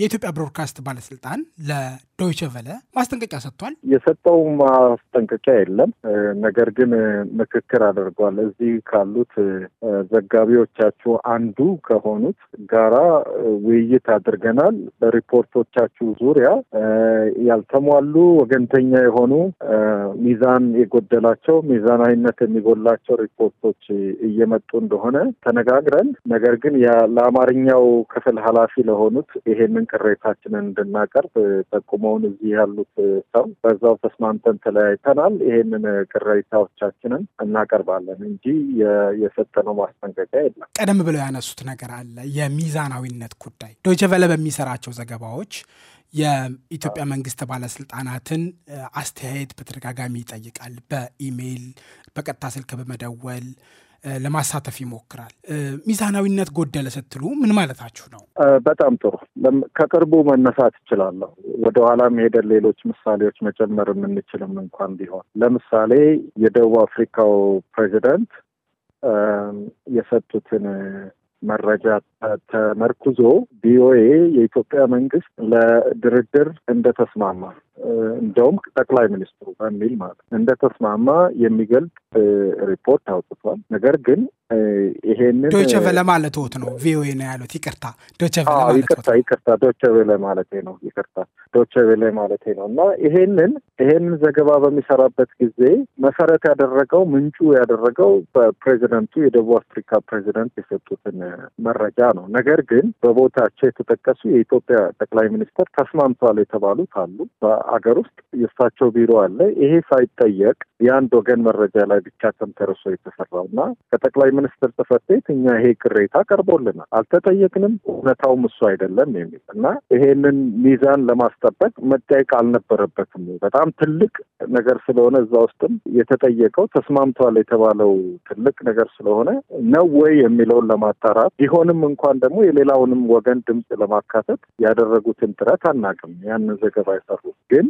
የኢትዮጵያ ብሮድካስት ባለስልጣን ለ ዶይቸ ቨለ ማስጠንቀቂያ ሰጥቷል። የሰጠው ማስጠንቀቂያ የለም፣ ነገር ግን ምክክር አድርጓል። እዚህ ካሉት ዘጋቢዎቻችሁ አንዱ ከሆኑት ጋራ ውይይት አድርገናል። በሪፖርቶቻችሁ ዙሪያ ያልተሟሉ ወገንተኛ የሆኑ ሚዛን የጎደላቸው ሚዛናዊነት የሚጎላቸው ሪፖርቶች እየመጡ እንደሆነ ተነጋግረን፣ ነገር ግን ለአማርኛው ክፍል ኃላፊ ለሆኑት ይሄንን ቅሬታችንን እንድናቀርብ ጠቁሞ አሁን እዚህ ያሉት ሰው በዛው ተስማምተን ተለያይተናል። ይሄንን ቅሬታዎቻችንን እናቀርባለን እንጂ የሰጠነው ማስጠንቀቂያ የለም። ቀደም ብለው ያነሱት ነገር አለ፣ የሚዛናዊነት ጉዳይ ዶይቼ ቬለ በሚሰራቸው ዘገባዎች የኢትዮጵያ መንግስት ባለስልጣናትን አስተያየት በተደጋጋሚ ይጠይቃል። በኢሜይል፣ በቀጥታ ስልክ በመደወል ለማሳተፍ ይሞክራል። ሚዛናዊነት ጎደለ ስትሉ ምን ማለታችሁ ነው? በጣም ጥሩ። ከቅርቡ መነሳት እችላለሁ። ወደኋላም ሄደን ሌሎች ምሳሌዎች መጨመር የምንችልም እንኳን ቢሆን ለምሳሌ የደቡብ አፍሪካው ፕሬዚደንት የሰጡትን መረጃ ተመርኩዞ ቪኦኤ የኢትዮጵያ መንግስት ለድርድር እንደተስማማ እንደውም ጠቅላይ ሚኒስትሩ በሚል ማለት እንደተስማማ የሚገልጽ ሪፖርት አውጥቷል። ነገር ግን ይሄንን ዶቸቨለ ማለት ወት ነው ቪኦኤ ነው ያሉት። ይቅርታ ዶይቸ ይቅርታ ይቅርታ ዶይቸ ማለት ነው ይቅርታ ዶይቸ ማለት ነው። እና ይሄንን ይሄንን ዘገባ በሚሰራበት ጊዜ መሰረት ያደረገው ምንጩ ያደረገው በፕሬዚደንቱ የደቡብ አፍሪካ ፕሬዚደንት የሰጡትን መረጃ ነው። ነገር ግን በቦታቸው የተጠቀሱ የኢትዮጵያ ጠቅላይ ሚኒስትር ተስማምተዋል የተባሉት አሉ። በአገር ውስጥ የእሳቸው ቢሮ አለ። ይሄ ሳይጠየቅ የአንድ ወገን መረጃ ላይ ብቻ ተንተርሶ የተሰራው እና ከጠቅላይ ሚኒስትር ጽሕፈት ቤት እኛ ይሄ ቅሬታ ቀርቦልናል፣ አልተጠየቅንም፣ እውነታውም እሱ አይደለም የሚል እና ይሄንን ሚዛን ለማስጠበቅ መጠየቅ አልነበረበትም። በጣም ትልቅ ነገር ስለሆነ እዛ ውስጥም የተጠየቀው ተስማምተዋል የተባለው ትልቅ ነገር ስለሆነ ነው ወይ የሚለውን ለማጣራት ቢሆንም እንኳን ደግሞ የሌላውንም ወገን ድምፅ ለማካተት ያደረጉትን ጥረት አናቅም። ያንን ዘገባ የሰሩት ግን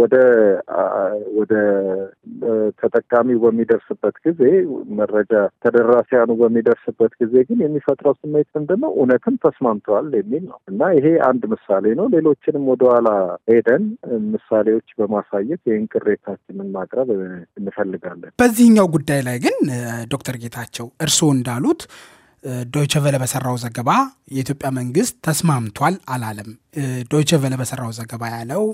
ወደ ወደ ተጠቃሚው በሚደርስበት ጊዜ መረጃ ተደራሲያኑ በሚደርስበት ጊዜ ግን የሚፈጥረው ስሜት ምንድን ነው? እውነትም ተስማምተዋል የሚል ነው እና ይሄ አንድ ምሳሌ ነው። ሌሎችንም ወደኋላ ሄደን ምሳሌዎች በማሳየት ይህን ቅሬታችንን ማቅረብ እንፈልጋለን። በዚህኛው ጉዳይ ላይ ግን ዶክተር ጌታቸው እርስዎ እንዳሉት ዶይቸ ቨለ በሰራው ዘገባ የኢትዮጵያ መንግስት ተስማምቷል አላለም። ዶይቸ ቨለ በሰራው ዘገባ ያለው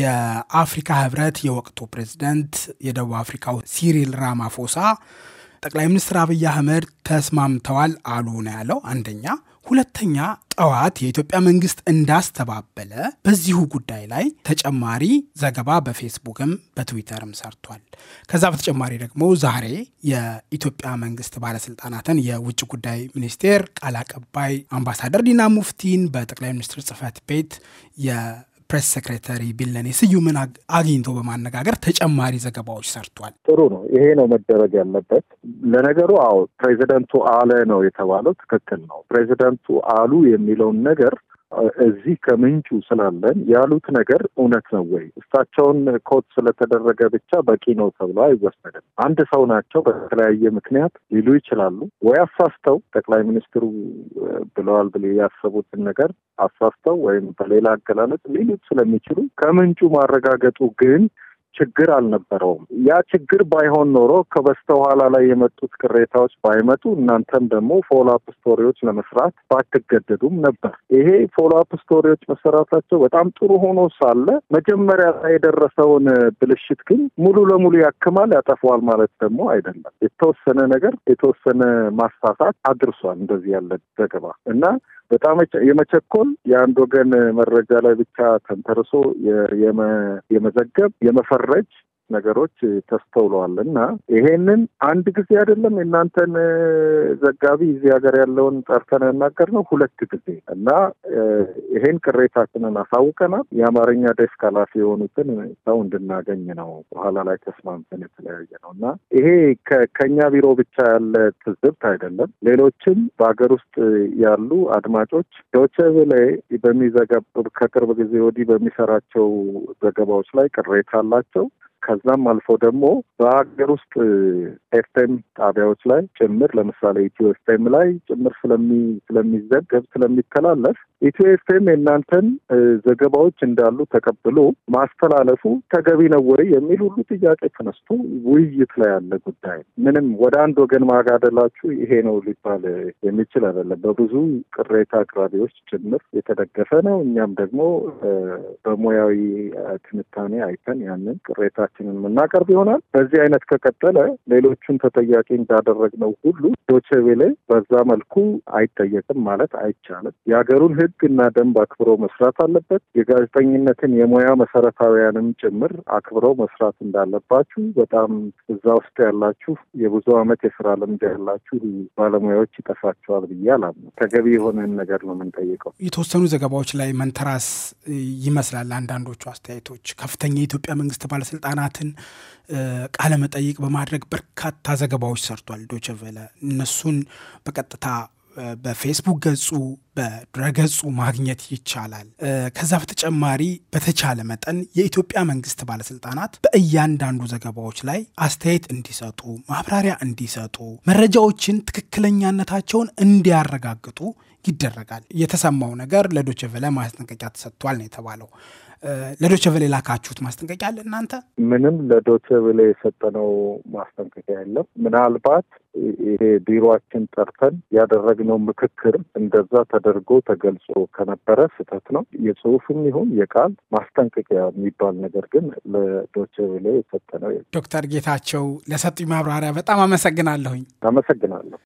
የአፍሪካ ህብረት የወቅቱ ፕሬዝደንት የደቡብ አፍሪካው ሲሪል ራማፎሳ ጠቅላይ ሚኒስትር አብይ አህመድ ተስማምተዋል አሉ ነው ያለው። አንደኛ። ሁለተኛ ጠዋት የኢትዮጵያ መንግስት እንዳስተባበለ በዚሁ ጉዳይ ላይ ተጨማሪ ዘገባ በፌስቡክም በትዊተርም ሰርቷል። ከዛ በተጨማሪ ደግሞ ዛሬ የኢትዮጵያ መንግስት ባለስልጣናትን የውጭ ጉዳይ ሚኒስቴር ቃል አቀባይ አምባሳደር ዲና ሙፍቲን በጠቅላይ ሚኒስትር ጽህፈት ቤት ፕሬስ ሴክሬታሪ ቢለኔ ስዩምን አግኝቶ በማነጋገር ተጨማሪ ዘገባዎች ሰርቷል። ጥሩ ነው። ይሄ ነው መደረግ ያለበት። ለነገሩ አዎ ፕሬዚደንቱ አለ ነው የተባለው ትክክል ነው። ፕሬዚደንቱ አሉ የሚለውን ነገር እዚህ ከምንጩ ስላለን ያሉት ነገር እውነት ነው ወይ? እሳቸውን ኮት ስለተደረገ ብቻ በቂ ነው ተብሎ አይወሰድም። አንድ ሰው ናቸው፣ በተለያየ ምክንያት ሊሉ ይችላሉ። ወይ አሳስተው ጠቅላይ ሚኒስትሩ ብለዋል ብ ያሰቡትን ነገር አሳስተው ወይም በሌላ አገላለጽ ሊሉት ስለሚችሉ ከምንጩ ማረጋገጡ ግን ችግር አልነበረውም። ያ ችግር ባይሆን ኖሮ ከበስተኋላ ላይ የመጡት ቅሬታዎች ባይመጡ እናንተም ደግሞ ፎሎአፕ ስቶሪዎች ለመስራት ባትገደዱም ነበር። ይሄ ፎሎአፕ ስቶሪዎች መሰራታቸው በጣም ጥሩ ሆኖ ሳለ መጀመሪያ ላይ የደረሰውን ብልሽት ግን ሙሉ ለሙሉ ያክማል፣ ያጠፋዋል ማለት ደግሞ አይደለም። የተወሰነ ነገር የተወሰነ ማሳሳት አድርሷል እንደዚህ ያለ ዘገባ እና በጣም የመቸኮል የአንድ ወገን መረጃ ላይ ብቻ ተንተርሶ የመዘገብ የመፈረጅ ነገሮች ተስተውለዋል እና ይሄንን አንድ ጊዜ አይደለም የእናንተን ዘጋቢ እዚህ ሀገር ያለውን ጠርተን ያናገር ነው ሁለት ጊዜ እና ይሄን ቅሬታችንን አሳውቀናል። የአማርኛ ዴስክ ኃላፊ የሆኑትን ሰው እንድናገኝ ነው። በኋላ ላይ ተስማምተን የተለያየ ነው እና ይሄ ከኛ ቢሮ ብቻ ያለ ትዝብት አይደለም። ሌሎችም በሀገር ውስጥ ያሉ አድማጮች ዶቼ በሚዘገብ ከቅርብ ጊዜ ወዲህ በሚሰራቸው ዘገባዎች ላይ ቅሬታ አላቸው። ከዛም አልፎ ደግሞ በሀገር ውስጥ ኤፍኤም ጣቢያዎች ላይ ጭምር ለምሳሌ ኢትዮ ኤፍኤም ላይ ጭምር ስለሚዘገብ ስለሚተላለፍ ኢትዮ ኤፍኤም የእናንተን ዘገባዎች እንዳሉ ተቀብሎ ማስተላለፉ ተገቢ ነው ወይ የሚል ሁሉ ጥያቄ ተነስቶ ውይይት ላይ ያለ ጉዳይ ምንም ወደ አንድ ወገን ማጋደላችሁ ይሄ ነው ሊባል የሚችል አይደለም። በብዙ ቅሬታ አቅራቢዎች ጭምር የተደገፈ ነው። እኛም ደግሞ በሙያዊ ትንታኔ አይተን ያንን ቅሬታችንን የምናቀርብ ይሆናል። በዚህ አይነት ከቀጠለ ሌሎቹን ተጠያቂ እንዳደረግነው ሁሉ ዶቼ ቬለ በዛ መልኩ አይጠየቅም ማለት አይቻልም። የሀገሩን ህ ህግና ደንብ አክብሮ መስራት አለበት። የጋዜጠኝነትን የሙያ መሰረታዊያንም ጭምር አክብሮ መስራት እንዳለባችሁ በጣም እዛ ውስጥ ያላችሁ የብዙ ዓመት የስራ ልምድ ያላችሁ ባለሙያዎች ይጠፋቸዋል ብዬ አላምንም። ተገቢ የሆነን ነገር ነው የምንጠይቀው። የተወሰኑ ዘገባዎች ላይ መንተራስ ይመስላል አንዳንዶቹ አስተያየቶች ከፍተኛ የኢትዮጵያ መንግስት ባለስልጣናትን ቃለ መጠይቅ በማድረግ በርካታ ዘገባዎች ሰርቷል ዶቸቨለ እነሱን በቀጥታ በፌስቡክ ገጹ በድረገጹ ማግኘት ይቻላል። ከዛ በተጨማሪ በተቻለ መጠን የኢትዮጵያ መንግስት ባለስልጣናት በእያንዳንዱ ዘገባዎች ላይ አስተያየት እንዲሰጡ፣ ማብራሪያ እንዲሰጡ፣ መረጃዎችን ትክክለኛነታቸውን እንዲያረጋግጡ ይደረጋል። የተሰማው ነገር ለዶችቨለ ማስጠንቀቂያ ተሰጥቷል ነው የተባለው። ለዶችቨለ የላካችሁት ማስጠንቀቂያ አለ እናንተ? ምንም ለዶችቨለ የሰጠነው ማስጠንቀቂያ የለም። ምናልባት ይሄ ቢሮችን ጠርተን ያደረግነው ምክክር እንደዛ ተደርጎ ተገልጾ ከነበረ ስህተት ነው። የጽሁፍም ይሁን የቃል ማስጠንቀቂያ የሚባል ነገር ግን ለዶቼ ቬለ የሰጠ ነው። ዶክተር ጌታቸው ለሰጡኝ ማብራሪያ በጣም አመሰግናለሁኝ። አመሰግናለሁ።